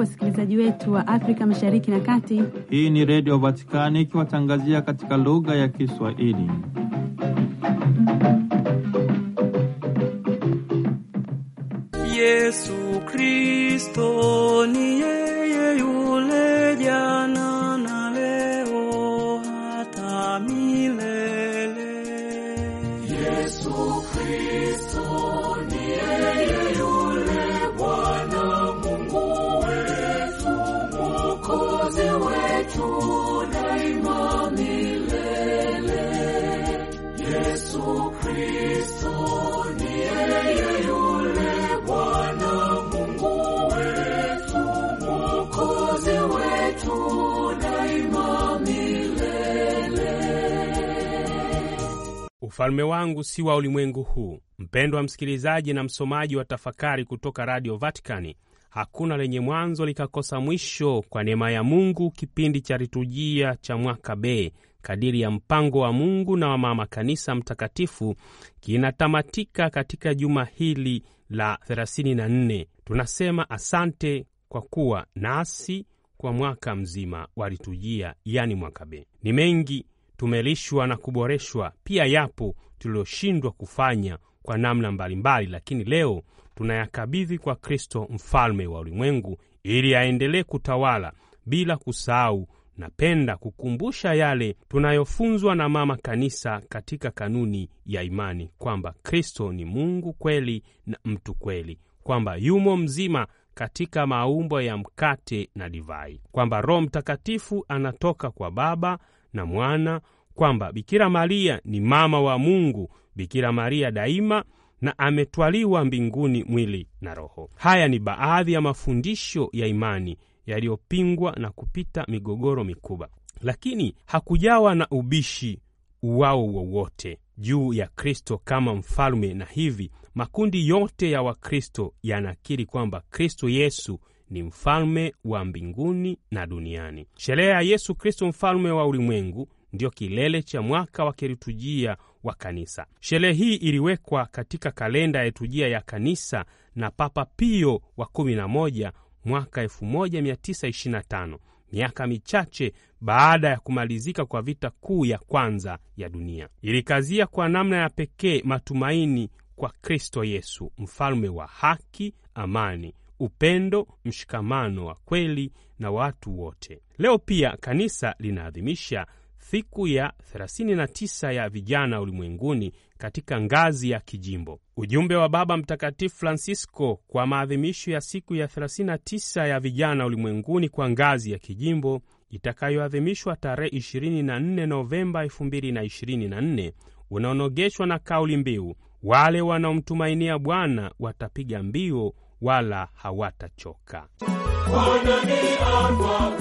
Hujambo wasikilizaji wetu wa Afrika Mashariki na Kati. Hii ni Redio Vatikani ikiwatangazia katika lugha ya Kiswahili. Yesu Kristo ni yeye yule jana na leo hata milele. Yesu Kristo Ufalme wangu si wa ulimwengu huu. Mpendwa msikilizaji na msomaji wa tafakari kutoka Radio vaticani hakuna lenye mwanzo likakosa mwisho. Kwa neema ya Mungu, kipindi cha liturujia cha mwaka B kadiri ya mpango wa Mungu na wa Mama Kanisa Mtakatifu kinatamatika katika juma hili la 34. Tunasema asante kwa kuwa nasi kwa mwaka mzima wa liturujia, yani mwaka B. Ni mengi tumelishwa na kuboreshwa. Pia yapo tuliyoshindwa kufanya kwa namna mbalimbali, lakini leo tunayakabidhi kwa Kristo, mfalme wa ulimwengu, ili aendelee kutawala bila kusahau. Napenda kukumbusha yale tunayofunzwa na mama kanisa katika kanuni ya imani kwamba Kristo ni Mungu kweli na mtu kweli, kwamba yumo mzima katika maumbo ya mkate na divai, kwamba Roho Mtakatifu anatoka kwa Baba na mwana, kwamba Bikira Maria ni mama wa Mungu, Bikira Maria daima na ametwaliwa mbinguni mwili na roho. Haya ni baadhi ya mafundisho ya imani yaliyopingwa na kupita migogoro mikubwa, lakini hakujawa na ubishi uwao wowote juu ya Kristo kama mfalme, na hivi makundi yote ya Wakristo yanakiri kwamba Kristo Yesu ni mfalme wa mbinguni na duniani. Sherehe ya Yesu Kristo mfalme wa ulimwengu ndiyo kilele cha mwaka wa kiliturujia wa kanisa. Sherehe hii iliwekwa katika kalenda ya liturujia ya kanisa na Papa Pio wa 11 mwaka 1925, miaka michache baada ya kumalizika kwa vita kuu ya kwanza ya dunia. Ilikazia kwa namna ya pekee matumaini kwa Kristo Yesu, mfalme wa haki, amani upendo, mshikamano wa kweli na watu wote. Leo pia kanisa linaadhimisha siku ya 39 ya vijana ulimwenguni katika ngazi ya kijimbo. Ujumbe wa Baba Mtakatifu Francisco kwa maadhimisho ya siku ya 39 ya vijana ulimwenguni kwa ngazi ya kijimbo itakayoadhimishwa tarehe 24 Novemba 2024 unaonogeshwa na kauli mbiu, wale wanaomtumainia Bwana watapiga mbio wala hawatachoka. Bwana ni afya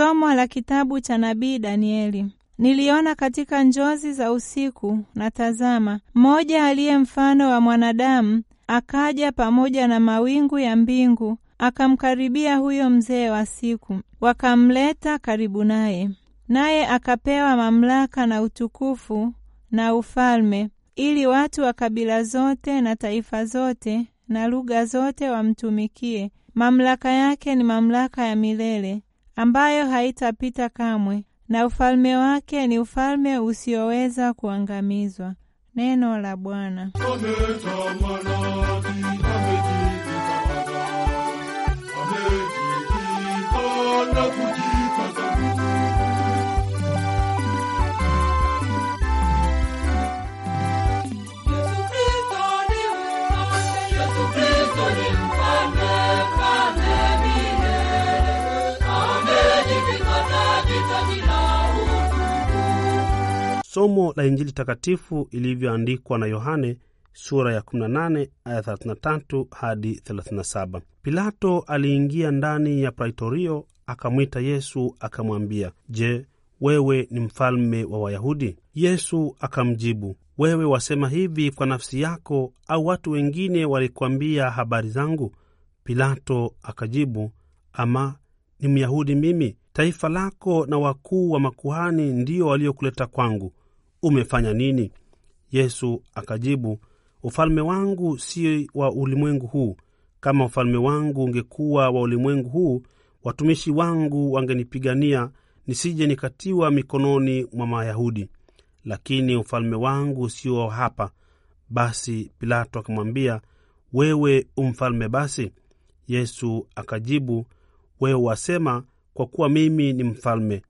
Somo la kitabu cha nabii Danieli. Niliona katika njozi za usiku, na tazama, mmoja aliye mfano wa mwanadamu akaja pamoja na mawingu ya mbingu, akamkaribia huyo mzee wa siku, wakamleta karibu naye, naye akapewa mamlaka na utukufu na ufalme, ili watu wa kabila zote na taifa zote na lugha zote wamtumikie. Mamlaka yake ni mamlaka ya milele ambayo haitapita kamwe, na ufalme wake ni ufalme usioweza kuangamizwa. Neno la Bwana. somo la Injili takatifu ilivyoandikwa na Yohane sura ya 18 aya 33 hadi 37. Pilato aliingia ndani ya praitorio akamwita Yesu akamwambia, Je, wewe ni mfalme wa Wayahudi? Yesu akamjibu, wewe wasema hivi kwa nafsi yako, au watu wengine walikuambia habari zangu? Pilato akajibu, ama ni Myahudi mimi? Taifa lako na wakuu wa makuhani ndio waliokuleta kwangu umefanya nini? Yesu akajibu, ufalme wangu si wa ulimwengu huu. Kama ufalme wangu ungekuwa wa ulimwengu huu, watumishi wangu wangenipigania nisije nikatiwa mikononi mwa Mayahudi, lakini ufalme wangu sio wa hapa. Basi Pilato akamwambia, wewe umfalme basi? Yesu akajibu, wewe wasema, kwa kuwa mimi ni mfalme.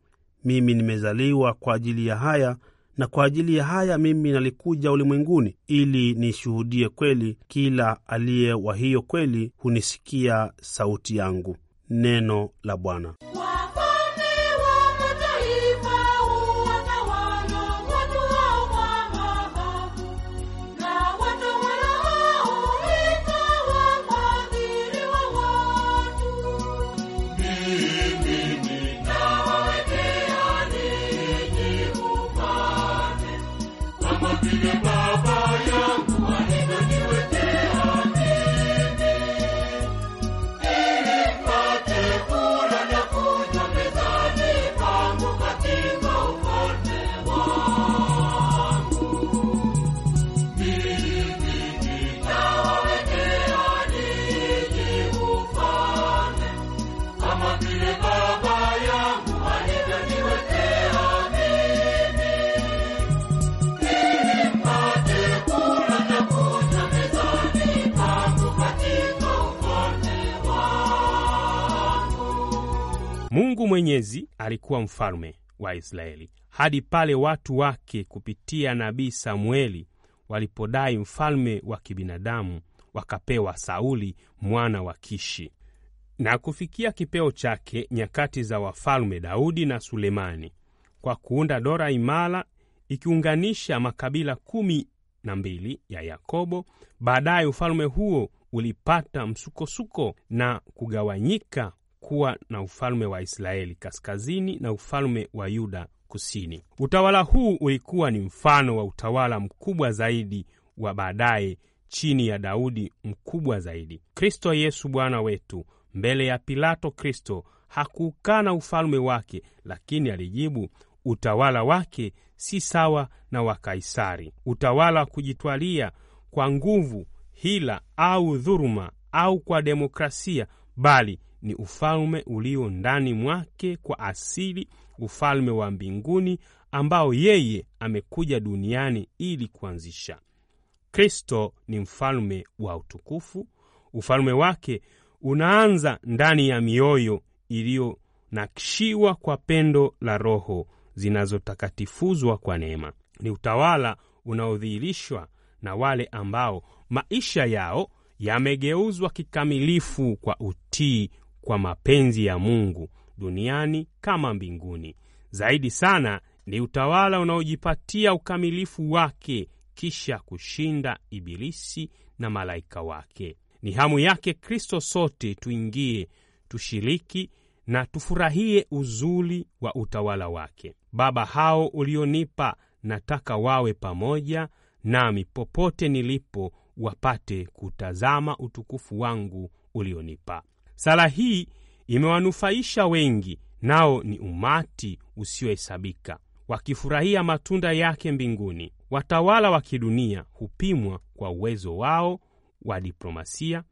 Mimi nimezaliwa kwa ajili ya haya, na kwa ajili ya haya mimi nalikuja ulimwenguni ili nishuhudie kweli. Kila aliye wa hiyo kweli hunisikia sauti yangu. Neno la Bwana. Mungu Mwenyezi alikuwa mfalme wa Israeli hadi pale watu wake kupitia nabii Samueli walipodai mfalme wa kibinadamu, wakapewa Sauli mwana wa Kishi na kufikia kipeo chake nyakati za wafalme Daudi na Sulemani kwa kuunda dola imara ikiunganisha makabila kumi na mbili ya Yakobo. Baadaye ufalme huo ulipata msukosuko na kugawanyika kuwa na ufalme wa Israeli kaskazini na ufalme wa Yuda kusini. Utawala huu ulikuwa ni mfano wa utawala mkubwa zaidi wa baadaye chini ya Daudi mkubwa zaidi. Kristo Yesu Bwana wetu mbele ya Pilato, Kristo hakuukana ufalme wake, lakini alijibu, utawala wake si sawa na wa Kaisari. Utawala wa kujitwalia kwa nguvu, hila au dhuruma au kwa demokrasia, bali ni ufalme ulio ndani mwake kwa asili, ufalme wa mbinguni ambao yeye amekuja duniani ili kuanzisha. Kristo ni mfalme wa utukufu. Ufalme wake unaanza ndani ya mioyo iliyonakshiwa kwa pendo la roho zinazotakatifuzwa kwa neema. Ni utawala unaodhihirishwa na wale ambao maisha yao yamegeuzwa kikamilifu kwa utii kwa mapenzi ya Mungu duniani kama mbinguni. Zaidi sana ni utawala unaojipatia ukamilifu wake kisha kushinda Ibilisi na malaika wake. Ni hamu yake Kristo sote tuingie, tushiriki na tufurahie uzuri wa utawala wake. Baba, hao ulionipa nataka wawe pamoja nami popote nilipo, wapate kutazama utukufu wangu ulionipa. Sala hii imewanufaisha wengi, nao ni umati usiohesabika, wakifurahia matunda yake mbinguni. Watawala wa kidunia hupimwa kwa uwezo wao wa diplomasia,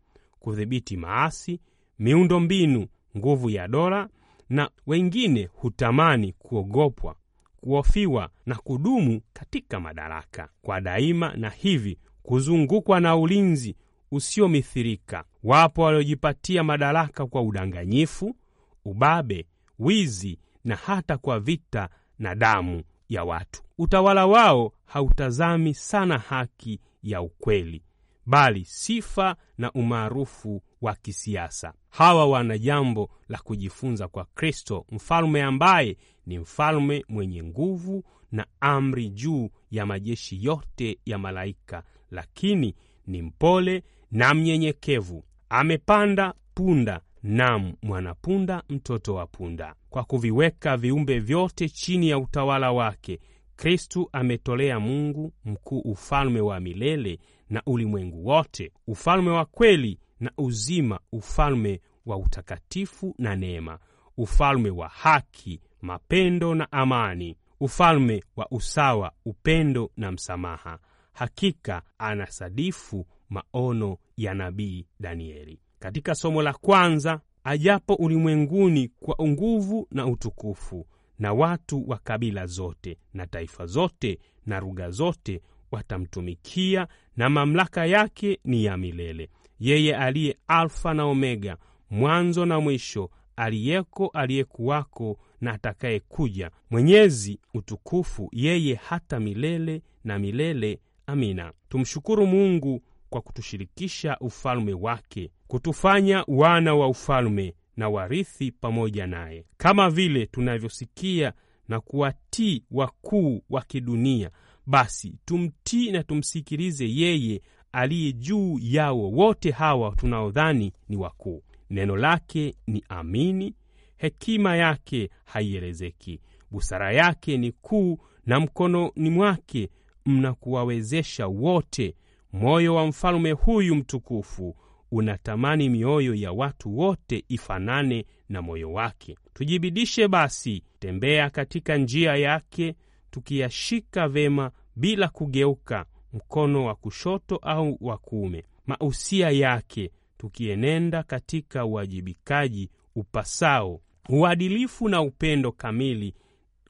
kudhibiti maasi, miundo mbinu, nguvu ya dola, na wengine hutamani kuogopwa, kuhofiwa na kudumu katika madaraka kwa daima, na hivi kuzungukwa na ulinzi usiomithirika. Wapo waliojipatia madaraka kwa udanganyifu, ubabe, wizi na hata kwa vita na damu ya watu. Utawala wao hautazami sana haki ya ukweli, bali sifa na umaarufu wa kisiasa. Hawa wana jambo la kujifunza kwa Kristo, mfalme ambaye ni mfalme mwenye nguvu na amri juu ya majeshi yote ya malaika, lakini ni mpole na mnyenyekevu, amepanda punda, nam mwanapunda, mtoto wa punda. Kwa kuviweka viumbe vyote chini ya utawala wake, Kristu ametolea Mungu mkuu ufalme wa milele na ulimwengu wote, ufalme wa kweli na uzima, ufalme wa utakatifu na neema, ufalme wa haki, mapendo na amani, ufalme wa usawa, upendo na msamaha. Hakika anasadifu maono ya nabii Danieli. Katika somo la kwanza, ajapo ulimwenguni kwa nguvu na utukufu, na watu wa kabila zote na taifa zote na lugha zote watamtumikia, na mamlaka yake ni ya milele. Yeye aliye Alfa na Omega, mwanzo na mwisho, aliyeko, aliyekuwako na atakayekuja, Mwenyezi utukufu, yeye hata milele na milele. Amina. Tumshukuru Mungu kwa kutushirikisha ufalme wake, kutufanya wana wa ufalme na warithi pamoja naye, kama vile tunavyosikia na kuwatii wakuu wa kidunia. Basi tumtii na tumsikilize yeye aliye juu yao wote hawa tunaodhani ni wakuu. Neno lake ni amini, hekima yake haielezeki, busara yake ni kuu, na mkononi mwake mna kuwawezesha wote Moyo wa mfalme huyu mtukufu unatamani mioyo ya watu wote ifanane na moyo wake. Tujibidishe basi tembea katika njia yake, tukiyashika vema bila kugeuka mkono wa kushoto au wa kuume, mausia yake, tukienenda katika uwajibikaji upasao, uadilifu na upendo kamili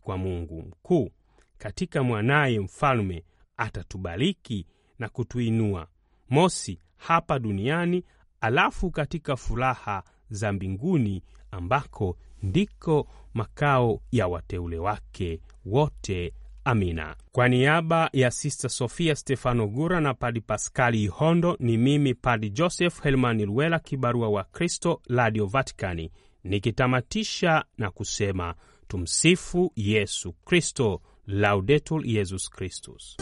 kwa Mungu mkuu, katika mwanaye mfalme atatubariki na kutuinua, mosi hapa duniani, alafu katika furaha za mbinguni ambako ndiko makao ya wateule wake wote. Amina. Kwa niaba ya Sista Sofia Stefano Gura na Padi Paskali Ihondo, ni mimi Padi Joseph Helmani Luela, kibarua wa Kristo, Radio Vaticani, nikitamatisha na kusema tumsifu Yesu Kristo, Laudetul Yesus Kristus.